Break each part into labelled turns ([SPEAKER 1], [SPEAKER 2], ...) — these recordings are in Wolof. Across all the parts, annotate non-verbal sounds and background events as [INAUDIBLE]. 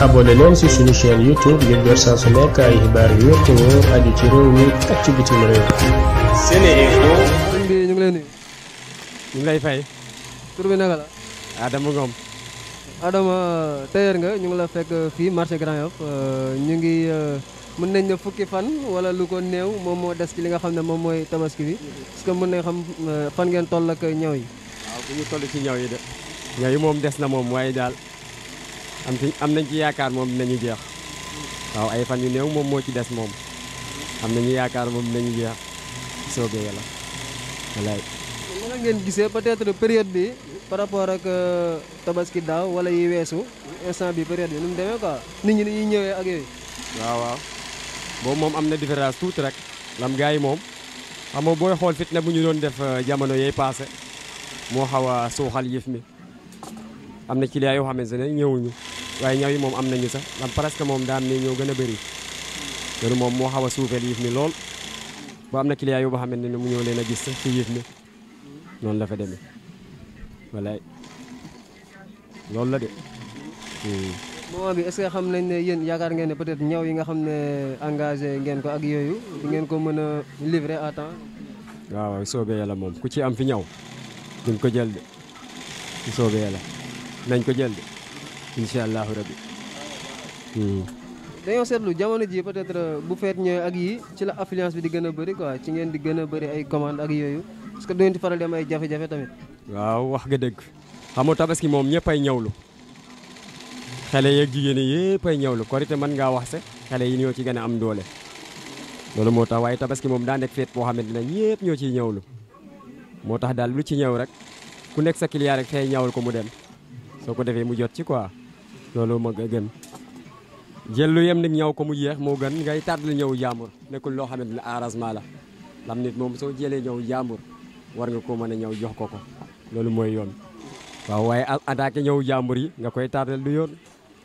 [SPEAKER 1] abonné leen ci suñu chaîne YouTube ngir jot saa su nekk ay xibaar ci réew mi ak ci bitim réew.
[SPEAKER 2] SeneInfo. sëñ bi ñu ngi lay nuyu. ñu fay. tur bi naka la. Adama Ngom. Adama tailleur nga ñu ngi la fekk fii marché Grand Yoff euh, ñu ngi euh, mën nañ ne fukki fan wala lu ko néew moom moo des ci li nga xam ne moom mooy tabaski bi parce que mën nañ xam euh, fan ngeen toll ak
[SPEAKER 1] ñaw yi. waaw bu ñu toll ci ñaw yi de. ñaw yi moom des na moom waaye daal. am am nañ ci yaakaar moom dinañu jeex waaw ay fan yu néew moom moo ci des moom am nañu yaakaar moom dinañu jeex soobee yàlla walaay.
[SPEAKER 2] mën ngeen gisee peut-être période bi par rapport ak euh, tabaski daaw wala weesu instant bi période bi nu mu demee quoi nit ñi ak yooyu.
[SPEAKER 1] waaw waaw boobu moom am na différence tuuti rek lam gaa yi moom xam nga booy xool fitna bu ñu doon def euh, jamono yee paase moo xaw a suuxal yëf mi am na client yoo xamante ne ñëwuñu. waaye ñaw yi moom am nañu sax man presque moom daa ne ñoo gën a bëri loolu moom moo xaw a suufeel yëf mi lool ba am na client yu boo xamante ne mu ñëw leen a gis sax ci yëf mi noonu la fa demee walaay loolu la de. Hmm.
[SPEAKER 2] moment xam nañ ne yaakaar ngeen ne peut-être ñaw yi nga xam ne engagé ngeen ak yooyu ngeen ko mën a livrer à temps.
[SPEAKER 1] waaw soobee yàlla moom ku ci am fi ñaw duñ ko jël de soobee yàlla nañ ko jël de. incha allahu rabi. Hmm.
[SPEAKER 2] dañoo seetlu jamono ji peut euh, bu feet ñëwee ak yi ci la affluence bi di gën a bëri quoi ci ngeen di gën a bëri ay commande ak yooyu parce que doon di faral di ay jafe-jafe
[SPEAKER 1] tamit. waaw wax nga dëgg xam nga tabaski moom ñëpp ay ñawlu xale yeeg jigéen ñi yëpp ay ñawlu korite man ngaa wax se xale yi ñoo ci gën a am doole. loolu moo tax waaye tabaski moom daa nekk feet boo xamante ne ñëpp ñoo ciy ñawlu moo tax daal lu ci ñëw rek ku nekk sa client rek fee ko mu dem soo ko defee mu jot ci quoi. loolu moo gën jël lu yem nag ñaw ko mu jeex moo gën ngay tardel ñëw jàmbur nekkul loo xamante ne arrangement la lam nit moom soo jëlee ñëw jàmbur war nga koo mën a ñëw jox ko ko loolu mooy yoon waaw waaye attaqué ñëw jàmbur yi nga koy tardel du yoon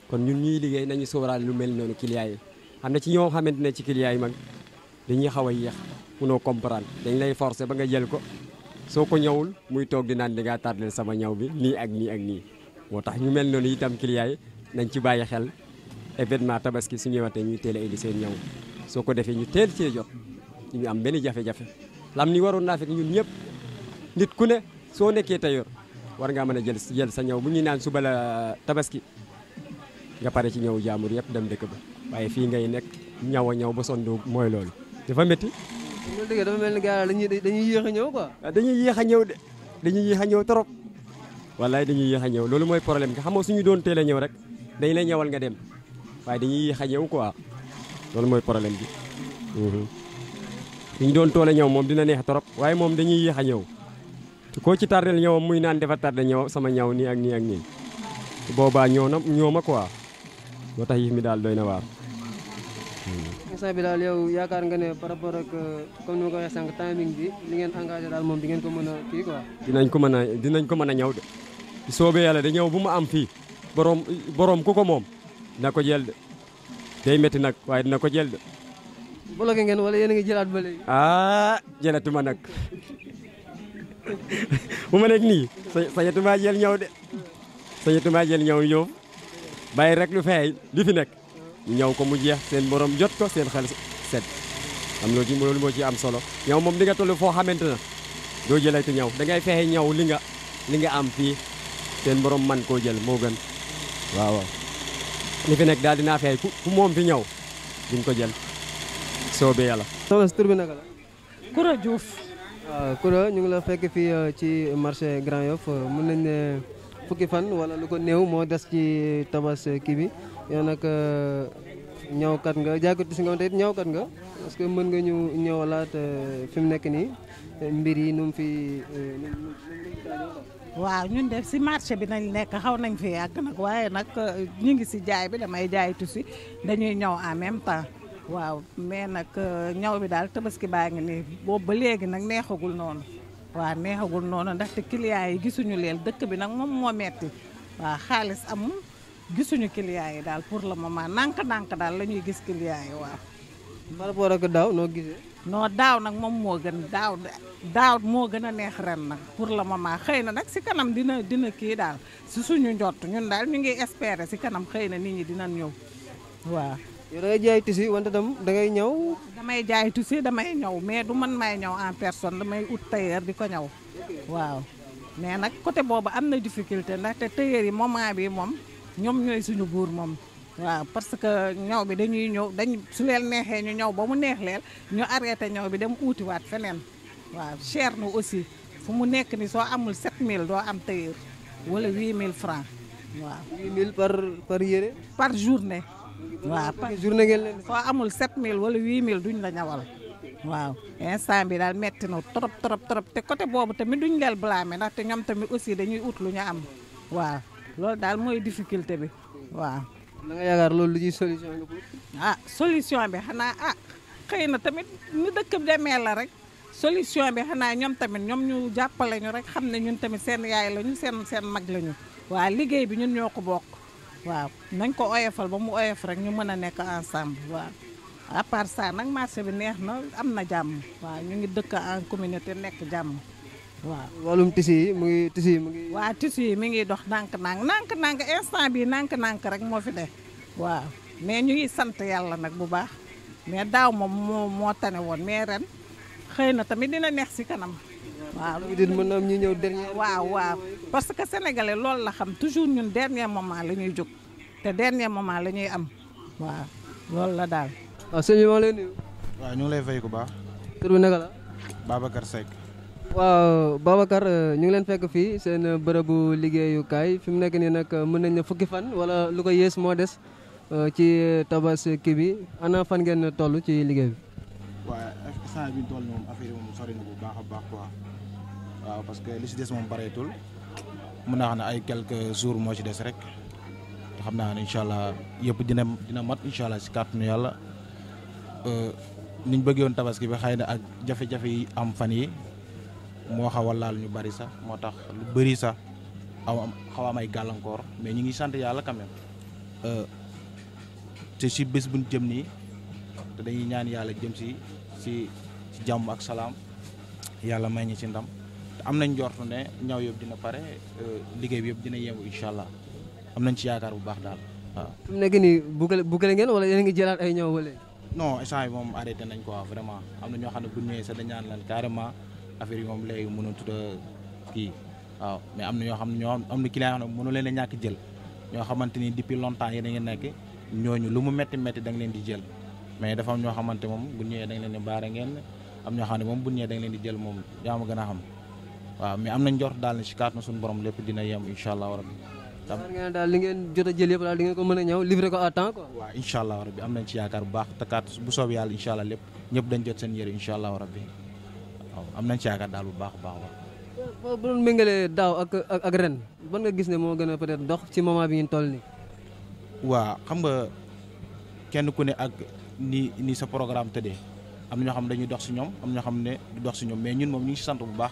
[SPEAKER 1] kon ñun ñuy liggéey nañu sóoraale lu mel noonu client yi am na ci ñoo xamante ne ci kiliyaay yi mag dañuy xaw a yéex munoo comprendre dañ lay forcer ba nga jël ko soo ko ñëwul muy toog di naan di ngaa sama ñaw bi nii ak nii ak nii moo tax ñu mel noonu itam client yi nañ ci bàyyi xel événement tabaski su ñëwatee ñu teel a indi seen ñaw soo ko defee ñu teel cee jox ñu am benn jafe-jafe lam ni waroon naa fekk ñun ñëpp nit ku ne soo nekkee tailleur war ngaa mën a jël jël sa ñaw bu ñuy naan suba la tabaski nga pare ci ñaw jaamur yëpp dem dëkk ba waaye fii ngay nekk ñaw a ñaw ba sonn mooy loolu dafa métti.
[SPEAKER 2] dafa mel ni gars dañuy dañuy yéex a ñëw quoi. dañuy yéex a ñëw de
[SPEAKER 1] dañuy yéex a ñëw trop. wallaay dañuy yéex a ñëw loolu mooy problème bi xam nga suñu doon teel a ñëw rek dañ la ñëwal nga dem waaye dañuy yéex a ñëw quoi loolu mooy problème bi. Mhm. li ñu doon tool a ñëw moom dina neex trop waaye moom dañuy yéex a ñëw koo ci tardel ñëwam muy naan dafa tardé ñëw sama ñëw nii ak nii ak nii boobaa ñoo na ñoo ma quoi moo tax yëf mi daal doy na waar.
[SPEAKER 2] Mhm. instant bi daal yow yaakaar nga ne par rapport ak euh, comme ni ko waxee sànq timing bi li ngeen engagé daal moom di ngeen ko mën a kii
[SPEAKER 1] dinañ ko mën a dinañ ko mën a ñëw de soobee yàlla da ñëw bu ma am borom borom ku ko moom na ko jël de day métti nag waaye dina ko jël de.
[SPEAKER 2] bloqué ngeen wala yéen a ngi jëlaat ba léegi.
[SPEAKER 1] ah ma nag bu ma nekk nii sañatuma jël ñëw de sañatuma jël ñëw ñëw bàyyi rek lu fay li fi nekk ñëw ko mu jeex seen boroom jot ko seen xel set. am loolu ci loolu moo ci am solo ñaw moom di nga toll foo xamante na doo jëlati ñaw da ngay fexe ñaw li nga li nga am fii seen borom man koo jël moo gën. waaw li fi nekk daal dinaa fexe ku ku moom fi ñëw duñ ko jël soobee yàlla.
[SPEAKER 2] soxna si tur bi naka la. Koura Diouf. waaw ah, Koura ñu ngi la fekk fii euh, ci marché Grand Yoff mën nañ ne fukki fan wala lu ko néew moo des ci tabas kii bi yow nag euh, ñëwkat nga jàkkatu si nga te it ñëwkat nga parce que mën nga ñu ñëwalaat euh, fi mu nekk nii mbir yi nu fii
[SPEAKER 3] waaw ñun def si marché bi nañ nekk xaw nañ fi yàgg nag waaye nag euh, ñu ngi si jaay bi damay jaay tusi dañuy ñaw en même temps waaw mais nag euh, ñaw bi daal tabaski baa ngi nii boobu ba léegi nag neexagul noonu waa neexagul noonu ndaxte clients yi gisuñu leen dëkk bi nag moom moo metti waaw xaalis amul gisuñu clients yi daal pour le moment nànk-nànk daal la ñuy gis clients yi waaw. non daaw nag moom moo gën daaw daaw moo gën a neex ren nag pour la moment xëy na nag si kanam dina dina kii daal si suñu njott ñun daal ñu ngi espérer si kanam xëy na nit ñi dina ñëw waaw. yow da ngay jaay tissu wante tam da ngay ñëw. damay jaay tissu damay ñëw mais du man may ñëw en personne damay ut tailleur di ko ñëw waaw mais nag côté boobu am na difficulté ndaxte tailleur yi moment bi moom ñoom ñooy suñu buur moom. waaw parce que ñaw bi dañuy ñëw dañ su leen neexee ñu ñaw ba mu neex leen ñu arrêté ñaw bi dem uutiwaat feneen waaw cher na aussi fu mu nekk ni soo amul 7000 doo am tailleur wala 8000 francs waaw. 8000 par par yére. par journée. waaw par journée ngeen leen. soo amul 7000 wala 8000 duñ la ñawal. waaw instant bi daal metti na trop trop trop te côté boobu tamit duñ leen blâmer te ñoom tamit aussi dañuy ut lu ñu am waaw loolu daal mooy difficulté bi waaw.
[SPEAKER 2] da nga yaakaar loolu lu ciy solution la ko.
[SPEAKER 3] ah solution bi xanaa ah xëy na tamit ñu dëkk bi demee la rek solution bi xanaa ñoom tamit ñoom ñu jàppale ñu rek xam ne ñun tamit seen yaay lañu seen seen mag lañu. waa liggéey bi ñun ñoo ko bokk waaw nañ ko oyofal ba mu oyof rek ñu mën a nekk ensemble waaw. à part ça nag marché bi neex na am na jàmm waaw ñu ngi dëkk en communauté nekk jàmm. waaw
[SPEAKER 2] wàllum tissu yi mu ngi yi mu ngi.
[SPEAKER 3] waaw tissu yi mi ngi dox ndànk-ndànk ndànk-ndànk instant bii ndànk-ndànk rek moo fi de waaw mais ñu ngi sant yàlla nag bu baax mais daaw moom moo moo tane woon mais ren xëy na tamit dina neex si kanam. waaw loolu mën ñu ñëw dernier. waaw waaw parce que sénégalais loolu la xam toujours ñun dernier moment la ñuy jóg te dernier moment la ñuy am waaw loolu la daal.
[SPEAKER 2] waaw ah, sëñ bi maa ngi lay nuyu. waaw baax. tur bi naka la.
[SPEAKER 4] Babacar Seck.
[SPEAKER 2] waaw Babacar euh, ñu ngi leen fekk fii seen bërëbu liggéeyukaay fi mu nekk nii nag euh, mën nañ ne fukki fan wala lu ko yées moo des euh, ci tabaski bi ana fan ngeen toll ci liggéey bi.
[SPEAKER 4] waaw instant bi moom affaire yi moom sori bu baax a baax quoi waaw parce que li si des moom bareetul mun naa xam ne ay quelques jours moo ci des rek te xam naa ne incha allah yëpp dina dina mat incha allah si kàttanu yàlla niñ bëggee tabaski bi xay na ak jafe-jafe yi am fan yi moo xaw a laal ñu bari sax moo tax lu bari sax aw am xaw am ay gàllankoor mais ñu ngi sant yàlla quand même euh, te si bés buñ jëm nii te dañuy ñaan yàlla jëm si si si jàmm ak salaam yàlla may ñi ci ndam te am nañ njort ne ñaw yëpp dina pare euh, liggéey bi yëpp dina yemb incha allah am nañ ci yaakaar bu baax daal waaw.
[SPEAKER 2] nekk nii bugale bugale ngeen wala yéen a ngi jëlaat ay ñaw wala.
[SPEAKER 4] no instant yi moom arrêté nañ quoi vraiment am na ñoo xam ne bu ñëwee sax dañ ñaan leen carrément. affaire yi moom léegi mënatut a kii waaw mais am na ñoo xam ne ñoo am na client yoo xam ne mënu leen a ñàkk jël ñoo xamante ni depuis longtemps yi dañu nekk ñooñu lu mu métti métti da nga leen di jël mais dafa am ñoo xamante moom bu ñëwee da nga leen di baare am ñoo xam ne moom bu ñëwee da nga leen di jël moom yaa ma gën a xam waaw mais daal ne suñu borom lépp dina yem incha allah daal li ngeen jot a jël yëpp daal di ngeen ko mën a ñëw livrer ko à temps quoi. waaw incha allah rabbi am nañ ci yaakaar bu baax te kàtt bu soobee yàlla incha allah lépp ñëpp dañ jot waaw am nañ ci yaakaar daal bu baax a baax.
[SPEAKER 2] boo bu doon méngalee daaw ak ak ren ban nga gis ne moo gën a peut-être dox ci moment bi ñu toll nii.
[SPEAKER 4] waa xam nga kenn ku ne ak ni ni sa programme tëddee am na ñoo xam ne dañuy dox si ñoom am na ñoo xam ne du dox si ñoom mais ñun moom ñu ngi si sant bu baax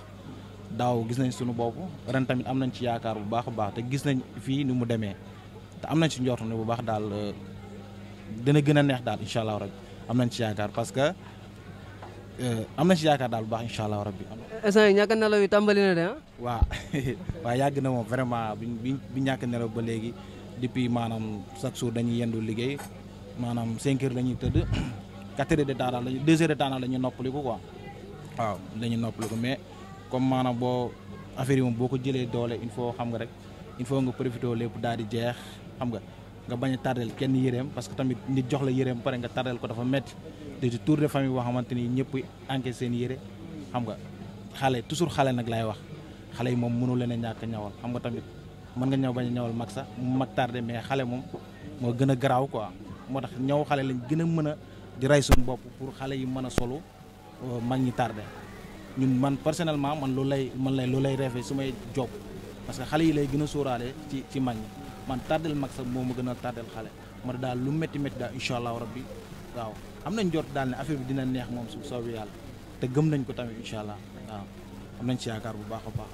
[SPEAKER 4] daaw gis nañ suñu bopp ren tamit am nañ ci yaakaar bu baax a baax te gis nañ fii ni mu demee te am nañ si njort ne bu baax daal dina gën a neex daal incha allah rek am nañ ci yaakaar parce que. Euh, am na ci yaakaar daal bu baax incha allah rabbi.
[SPEAKER 2] instant yi ñàkk a nelaw yi tàmbali na de waa ah.
[SPEAKER 4] waaw [LAUGHS] waaw yàgg na moom vraiment bi bi ñàkk nelaw ba léegi depuis maanaam chaque jour dañuy yendu liggéey maanaam 5 heures la ñuy tëdd 4 [COUGHS] heures de temps daal la ñuy 2 heures de temps daal la ñuy noppaliku ko waaw dañuy noppaliku mais comme maanaam boo affaire yi moom boo ko jëlee doole il faut xam nga rek il faut nga profité lépp daal di jeex xam nga. nga bañ a tardel kenn yëreem parce que tamit nit jox la yëreem pare nga tardel ko dafa métti te ci tour de famille boo xamante ni ñëpp enquête seen yëre xam nga xale toujours xale nag laay wax xale yi moom mënu leen a ñàkk ñawal xam nga tamit mën nga ñëw bañ a ñawal mag sax mu mag tardé mais xale moom moo gën a garaaw quoi moo tax ñaw xale lañ gën a mën a di rey suñu bopp pour xale yi mën a solo euh, mag ñi tardé ñun man personnellement man lu lay man lay lu lay reefee su may job parce que xale yi lay gën a sóoraale ci ci mag ñi man tardel mag sax moom ma gën a tardel xale ma daal lu métti métti daal incha allahu bi waaw am nañ jot daal ne affaire bi dina neex moom su soobee yàlla te gëm nañ ko tamit incha allah waaw am nañ si yaakaar bu baax a baax.